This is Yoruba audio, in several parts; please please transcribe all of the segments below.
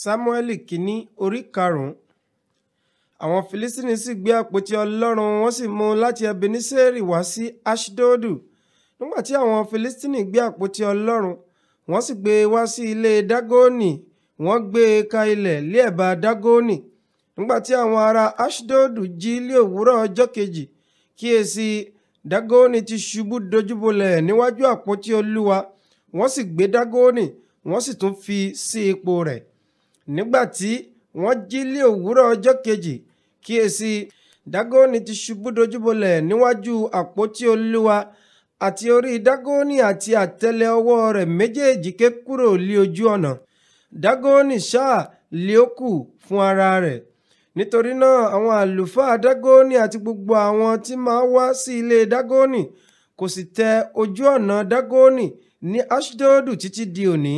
sámúẹ́lì kínní orí karùn-ún àwọn filistini sì gbé àpótí ọlọ́run wọ́n sì mú un láti ebeneseri wá sí aṣdodu nígbà tí àwọn filistini gbé àpótí ọlọ́run wọ́n sì gbé e wá sí ilé dagoni wọ́n gbé e ka ilẹ̀ liẹ̀bà dagoni nígbà tí àwọn ará aṣdodu jí lé òwúrọ̀ ọjọ́ kejì kíyèsí dagoni ti ṣubú dojúbolẹ̀ níwájú àpótí olúwa wọ́n sì gbé dagoni wọ́n sì tún fi sí ipò rẹ̀ nígbà tí wọ́n jí lé òwúrọ̀ ọjọ́ kejì kíyèsí Dágónì ti ṣubú dojúbolẹ̀ níwájú àpótí Olúwa àti orí Dágónì àti àtẹlẹ ọwọ́ rẹ̀ méjèèjì ké kúrò lí ojú ọ̀nà Dágónì ṣáà lé ó kù fún ara rẹ̀ nítorí náà àwọn àlùfáà Dágónì àti gbogbo àwọn tí máa wá sí ilé Dágónì kò sì tẹ ojú ọ̀nà Dágónì ní Aṣdodu títí di òní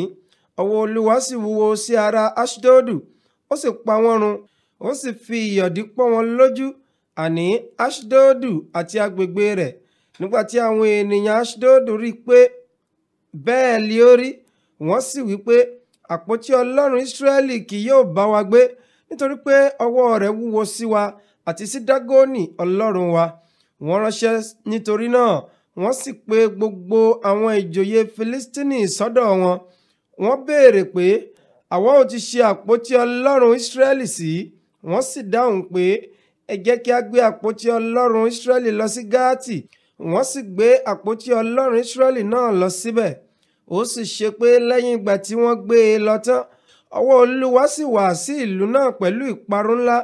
ọwọ́ olúwa sì wúwo sí ara aṣdodu ó sì pa wọ́n run ó sì fi ìyọ̀dí pọ́ wọn lójú àní aṣdodu àti agbègbè rẹ̀ nígbà tí àwọn ènìyàn aṣdodu rí i pé bẹ́ẹ̀ li ó rí wọ́n sì wí pé àpótí ọlọ́run ìsírẹ́lì kì yóò bá wa gbé nítorí pé ọwọ́ rẹ̀ wúwo sí wa àti sí dágónì ọlọ́run wa wọ́n ránṣẹ́ nítorí náà wọ́n sì pè gbogbo àwọn ìjòyè filistini sọ́dọ̀ wọn wọ́n béèrè pé àwa ò ti ṣe àpótí ọlọ́run ísírẹ́lì sí wọ́n sì dáhùn pé ẹ jẹ́ kí a gbé àpótí ọlọ́run ísírẹ́lì lọ sí gáàtì wọ́n sì gbé àpótí ọlọ́run ísírẹ́lì náà lọ síbẹ̀ ó sì ṣe pé lẹ́yìn ìgbà tí wọ́n gbé e lọ tán ọwọ́ olúwa sì wà sí ìlú náà pẹ̀lú ìparun ńlá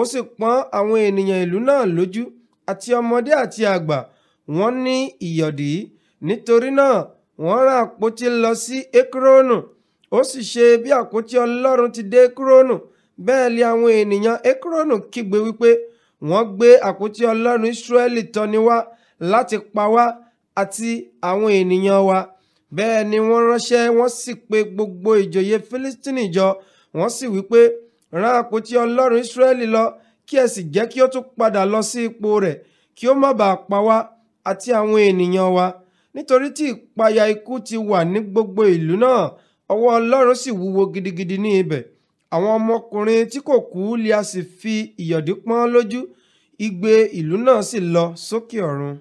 ó sì pọ́n àwọn ènìyàn ìlú náà lójú àti ọmọdé àti àgbà wọ́n ní ìyọ̀dí nítorí náà wọ́n ra àpótí lọ sí ekronu ó sì ṣe bí àpótí ọlọ́run ti dé ekronu bẹ́ẹ̀ lé àwọn ènìyàn ekronu kígbe wípé wọ́n gbé àpótí ọlọ́run israẹli tọ́ni wá láti pa wá àti àwọn ènìyàn wa bẹ́ẹ̀ ni wọ́n ránṣẹ́ wọ́n sì pe gbogbo ìjòyè fílístínì jọ wọ́n sì wípé rán àpótí ọlọ́run israẹli lọ kí ẹ sì jẹ́ kí ó tún padà lọ sí ipò rẹ̀ kí ó má bàa pa wá àti àwọn ènìyàn wa nítorí tí ìpayà ikú ti wà ní gbogbo ìlú náà ọwọ́ Ọlọ́run sì wúwo gidigidi ní ibẹ̀ àwọn ọmọkùnrin tí kò kú li a sì fi ìyọ̀dí pọ́n lójú igbe ìlú náà sì lọ sókè ọ̀run.